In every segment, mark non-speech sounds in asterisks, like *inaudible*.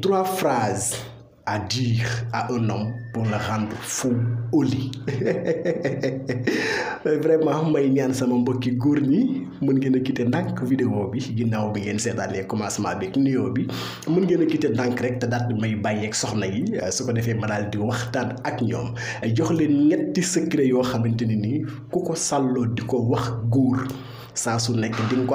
trois phrases à dire à un homme pour le rendre fou au lit *laughs* vraiment may ñaan sama mbokki góor gourni. mën ngeen a quitter ndànk vidéo bi ginnaaw bi ngeen seetaanee commencement bi ak bi mën ngeen a quitter ndànk rek qui est di Je soxna yi su ma suis di waxtaan ak ñoom jox leen ñetti secret yoo xamante ni nii Je ko wax Je su di ko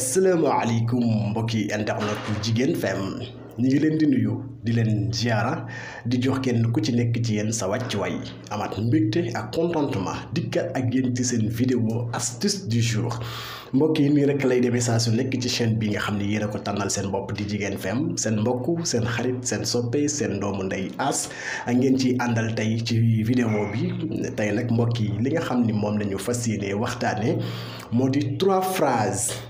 asalaamaaleykum mbokki internet Jigéen fem ñu ngi leen di nuyu di leen ziara di jox kenn ku ci nekk ci yéen sa wàccuwaay amaat mbégte ak contentement dikkat ak yéen ci seen vidéo astuce du jour mbokk yi nii rek lay demee saa su nekk ci chaîne bi nga xam ne yéen a ko tànnal seen bopp di Jigéen fem seen mbokk seen xarit seen soppe seen doomu ndey As ak ngeen ci àndal tey ci vidéo bi tey nag mbokk yi li nga xam ni moom la ñu fas trois phrases.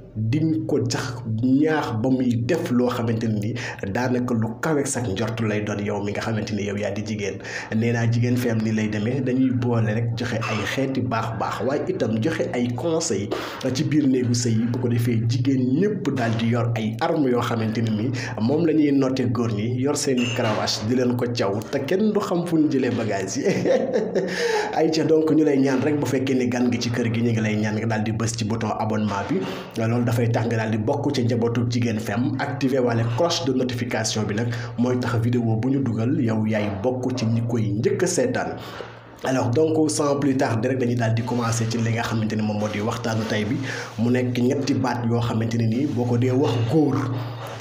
diñ ko jax ñaax ba muy def loo xamante ne ni daanaka lu kawe sax njortu lay doon yow mi nga xamante ni yow yaa di jigéen nee naa jigéen feem nii lay demee dañuy boole rek joxe ay xeeti baax baax waaye itam joxe ay conseil ci biir néegu sëy bu jigéen ñëpp daal di yor ay arme yoo xamante ni ni moom la ñuy noté góor ñi yor seeni cravache di leen ko caw te kenn du xam fu jëlee bagage yi *laughs* ay ca donc ñu lay ñaan rek bu fekkee ni gan gi ci kër gi ñu ngi lay ñaan nga daal di bës ci bouton abonnement bi yaram dafay tàng daal di bokk ci njabootu Jigéen FM activé walla cloche de notification bi nag mooy tax vidéo bu ñu dugal yow yaay bokk ci ñi koy njëkk seetaan alors donc sans plus tard direct dañuy daal di commencer ci li nga xamante ni moom moo di waxtaanu tey bi mu nekk ñetti baat yoo xamante ni nii boo ko dee wax góor.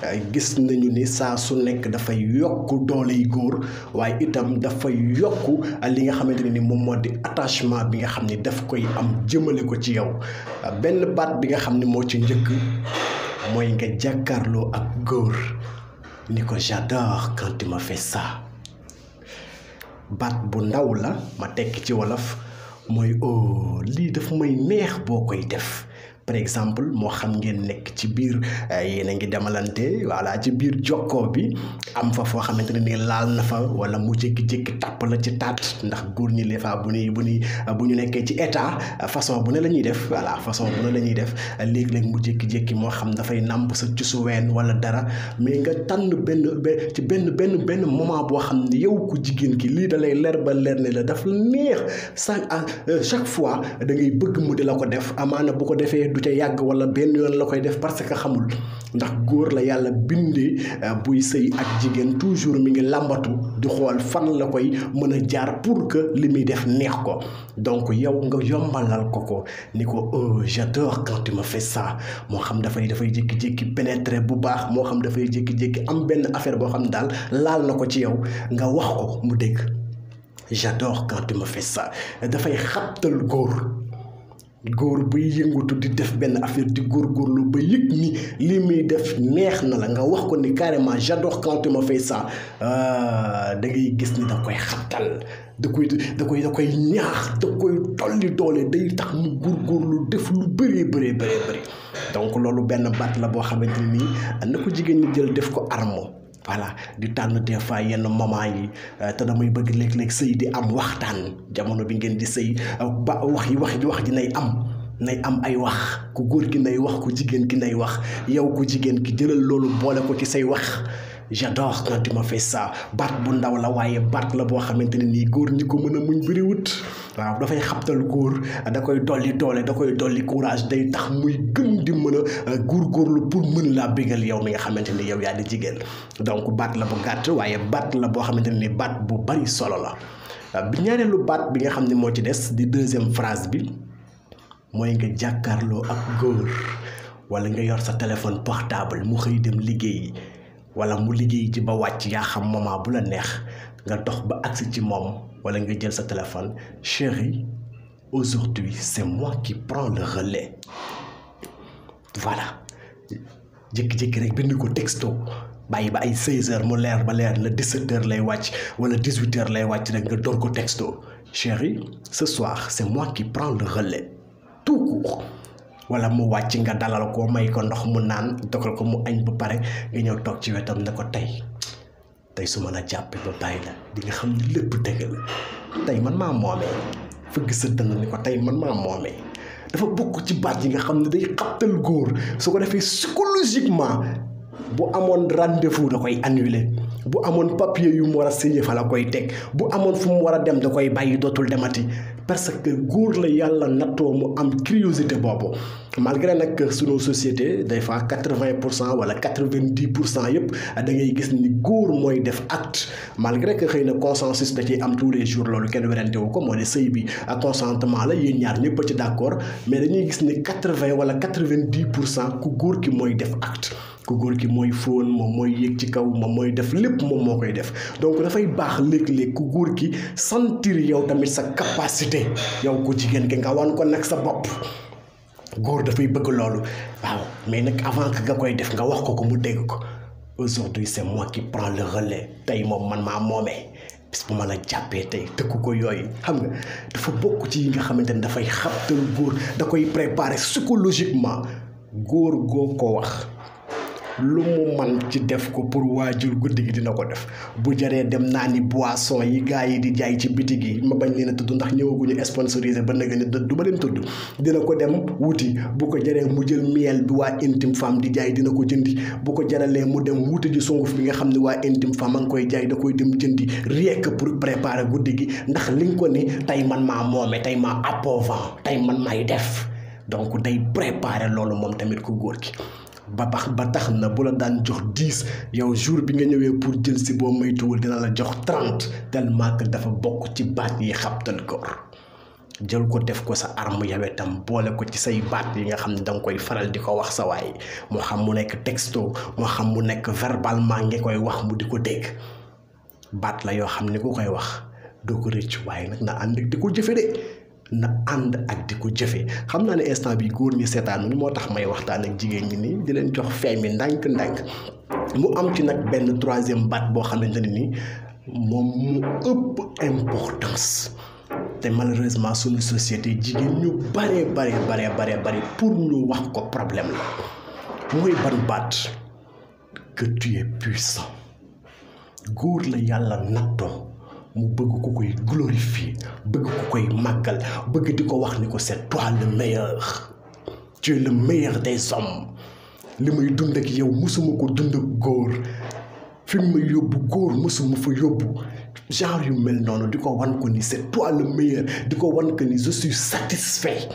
Eh, gis nañu ni saa su nekk dafay yokk doole yi góor waaye itam dafay yokk li nga xamante ne ni moom moo di attachement bi nga xam ni daf koy am jëmale ko ci yow eh, benn baat bi nga xam ni moo ci njëkk mooy nga jàkkarloo ak góor ni ko j'adore quand tu me baat bu ndaw la ma tekki ci wolof mooy oh lii daf may neex boo koy def par exemple moo xam ngeen nekk ci biir eh, yéen a ngi demalante voilà ci biir jokkoo bi am fa foo xamante ne ni laal na fa wala mu jékki-jékki tàpp la ci taat ndax góor ñi les fois bu ñuy bu ñuy bu ñu nekkee ci état façon bu ne la ñuy def voilà façon bu ne la ñuy def léegi léeg mu jékki-jékki moo xam dafay nàmp sa ci suween wala dara mais nga tànn benn ci benn benn benn moment boo xam ne yow ko jigéen ki lii da lay leer ba leer ne la daf neex chaque ah, euh, chaque fois da bëgg mu di la ko def amaana bu ko defee du ca yàgg wala benn yoon la koy def parce que xamul ndax góor la yàlla bindee euh, buy sëy ak jigéen toujours mi ngi làmbatu di xool fan la koy mën a jaar pour que li muy def neex ko donc yow nga yombalal ko ko ni ko oh j'adore quand tu moo xam dafay dafay jékki-jékki pénétrer bu baax moo xam dafay jékki-jékki am benn affaire boo xam daal laal na ko ci yow nga wax ko mu dégg j'adore quand tu dafay xabtal góor. góor buy yëngutu di def benn affaire di góorlu ba yëg ni li muy def neex na la nga wax ko ni carrément j'adore quand tu me fais ça euh, da ngay gis ni da koy xattal da koy da koy da koy ñaax da koy tolli doole day tax mu góorgóorlu def lu bëree bëree bëree bëri donc loolu benn baat la boo xamante ni na ko jigéen ñi jël def ko armo voilà di tànn des fois yenn moment yi euh, te damay bëgg léeg-léeg sëy di am waxtaan jamono bi ngeen di sëy euh, ba wax yi wax ji wax ji nay am nay am ay wax ku góor gi nay wax ku jigéen gi nay wax yow ku jigéen ki jëlal loolu boole ko ci say wax j'adore quand tu me fais ça baat bu ndaw la waaye baat la boo xamante ne nii góor ñi ko mën a muñ bëriwut waaw dafay xabtal góor da koy dolli doole da koy dolli courage day tax muy gën di mën a euh, lu pour mën laa bégal yow mi nga xamante ni yow yaa di jigéen donc baat la bu gàtt waaye baat la boo xamante ne nii baat bu bari solo la euh, bi ñaareelu baat bi nga xam ne moo ci des di deuxième phrase bi mooy nga jàkkaarloo ak góor wala nga yor sa téléphone portable mu xëy dem liggéeyi. wala mu liggéey ci ba wàcc yaa xam moment bu la neex nga dox ba agsi ci moom wala nga jël sa téléphone chérie aujourd'hui c'est moi qui prends le relais voilà jékki-jékki rek bind ko texto bàyyi ba ay 16 heures mu leer ba leer la 17 heures lay wàcc wala 18 heures lay wàcc rek nga door ko texto chérie ce soir c'est moi qui prends le relais tout court wala mu wàcc nga dalal koo may ko ndox mu naan dogal ko mu añ ba pare nga ñëw toog ci wetam ne ko tey tey su ma la jàppee ba bàyyi la nga xam ne lépp dëgg tey man maa moomee fëgg sa dënn ni ko tey man maa moomee dafa bokk ci baat yi nga xam ne day xabtal góor su ko defee psychologiquement bu amoon rendez-vous da koy annuler bu amoon papier yu mu war a signé fa la koy teg bu amoon fu mu war a dem da koy bàyyi dootul demati parce que góor la yalla nattoo mu am curiosité bobo malgré nag sunu société des fois 80% wala 90% yep da ngay gis ni góor moy def acte malgré que xeyna consensus da ci am tous les jours lolou kenn werante wu ko moo ne bi consentement la yeen ñaar ñëpp ci d'accord mais dañuy gis ni 80 wala 90% ku góor ki moy def acte ku góor fait mooy fóon moom mooy ci kaw moom mooy def lépp moom moo def donc sentir yow tamit sa capacité yow ko jigéen ki nga wan ko nag sa bopp mais avant que nga koy def nga wax ko ko mu aujourd'hui c'est moi qui prends le relais tey moom man maa moomee bis bu ma la jàppee tey ko yooyu xam nga dafa bokk ci nga xamante ne dafay xabtal góor da koy préparer psychologiquement góor ko lu mu man ci def ko pour waajur guddi gi dina ko def bu jaree dem naa ni boisson yi gars yi di jaay ci bitig yi ma bañ leen a tudd ndax ñëwaguñu sponsorisé ba nag ne du ma leen tudd dina ko dem wuti bu ko jaree mu jël miel bi waa intime femme di jaay dina ko jëndi bu ko jaralee mu dem wuti ji sunguf bi nga xam ne waa intime femme a nga koy jaay da koy dem jëndi rien que pour préparer guddi gi ndax li nga ko ni tey man maa moome tey maa appovant tey man may def donc day préparer loolu moom tamit ku góor gi ba tax ba tax na bu la daan jox dix yow jour bi nga ñëwee pour jël si boo moytuwul dina la jox trente tellement que dafa bokk ci baat yi xabtal koor jël ko def ko sa arme yow tam boole ko ci say baat yi nga xam ne danga koy faral di ko wax sa waay moo xam mu nekk texto moo xam mu nekk verbalement nga koy wax mu di ko dégg baat la yoo xam ne ku koy wax doo ko rëcc waaye nag na ànd di ko jëfe de na ànd ak di ko jëfe xam naa ne instant bi góor ñi seetaanu moo tax may waxtaan ak jigéen ñi ni di leen jox feeñ mi ndànk-ndànk mu am ci nag benn troisième baat boo xamante ne ni moom mu ëpp importance te malheureusement suñu société jigéen ñu bare bare bare bare bare pour ñu wax ko problème la mooy ban baat que tu es puissant góor la yàlla nattoo mu bëgg ku koy glorifier bëgg ku koy màggal bëgg di ko wax ni ko c'est toi le meilleur tu es le meilleur des hommes li may dund ak yow mosuma ko dund ak góor fi mu ma yóbbu góor mosuma fa yóbbu genre yu mel noonu di ko wan ko ni c'est toi le meilleur di ko wan ko ni je suis satisfait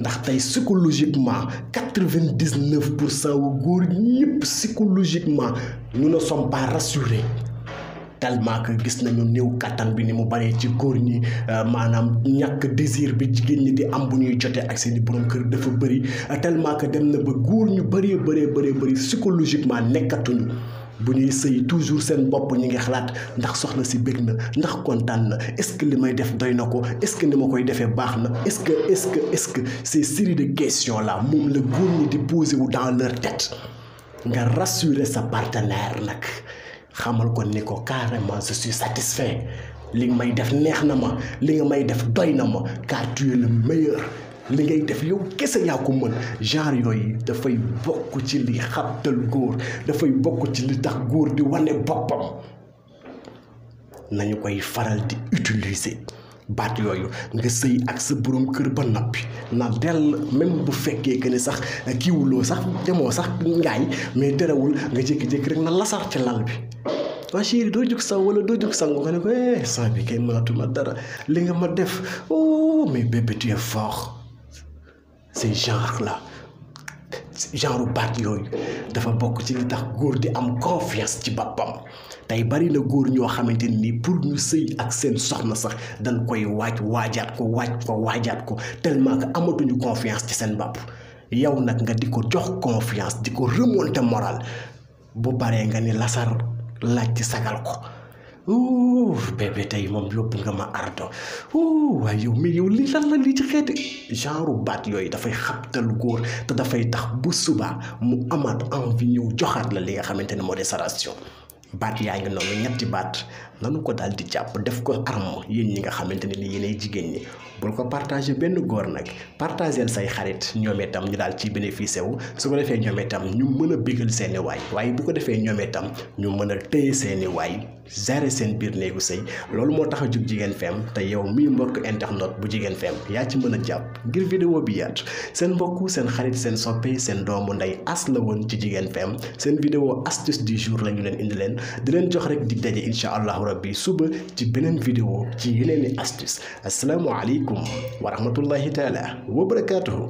ndax tey psychologiquement quatre-vingt-dix-neuf pour cent góor ñëpp psychologiquement nous ne sommes pas rassurés tellement que gis nañu new katan bi ni mu bari ci góor ñi euh, manam ñak désir bi jigéen ñi di am bu ñuy jotee ak seen borom kër dafa bari euh, tellement que dem na ba góor ñu bëree bëree bëree bëri psychologiquement nekkatuñu bu ñuy sëy toujours seen bopp ñi ngi xalaat ndax soxna si bëgg na ndax kontaan na est-ce que li may def doy na ko est-ce que ni ma koy defee baax na est-ce que est-ce que est-ce que ces séries de questions là moom la góor ñi di posé wu dans leur tête nga rassurer sa partenaire nag xamal ko ne ko carrément je suis satisfait li may def neex li may def car tu es le meilleur li ngay def yow kese yaa ko mën genre yooyu dafay bokk ci li xabtal góor dafay bokk ci li tax góor di wane boppam nañu koy faral di utiliser baat yooyu nga sëy ak sa borom kër ba noppi na même bu fekkee ne sax kiiwuloo sax sax ngaañ mais terewul nga jékki-jékki rek na lasar ci lal bi bashir dojuk jug saw wala doo jug sangu ko eh saa bi kay mënatuma dara li nga ma def oh mais bébé tu es fort c'est genre là genre baat yooyu dafa bokk ci li tax di am confiance ci bapam, tey bari na góor ñoo xamante ni pour ñu sëy ak seen soxna sax dañ koy waaj waajaat ko waaj ko waajaat ko tellement que amatuñu confiance ci seen bapu, yow nag nga di jox confiance di ko remonter moral bu paree nga ni lasar laaj ci sagal ko ouh bébé tey moom yóbbu nga ma ardo ouh waaye yow mais yow lii lan la lii ci xeeti genre baat yooyu dafay xabtal góor te dafay tax bu suba mu amaat envie ñëw joxaat la li nga xamante ne moo di sa ration baat yaa ngi noonu ñetti baat nanu ko daal di jàpp def ko arme yéen ñi nga xamante ne ni yéenay jigéen ñi bul ko partagé benn góor nag partagel say xarit ñoom itam ñu daal ci bénéficié wu su ko defee ñoom itam ñu mën a bégal seeni waay waaye bu ko defee ñoom itam ñu mën a téye seeni waay gérer seen biir néegu sëy loolu moo tax a jug jigéen fem te yow mii mbokk internet bu jigéen fem yaa ci mën a jàpp ngir vidéo bi yaatu seen mbokk seen xarit seen soppee seen doomu ndey as la woon ci jigéen fem seen vidéo astuce du jour la ñu leen indi leen di leen jox rek dig daje incha allahu rabbi suba ci beneen vidéo ci yeneeni astuce asalaamaaleykum عليكم ورحمة الله تعالى وبركاته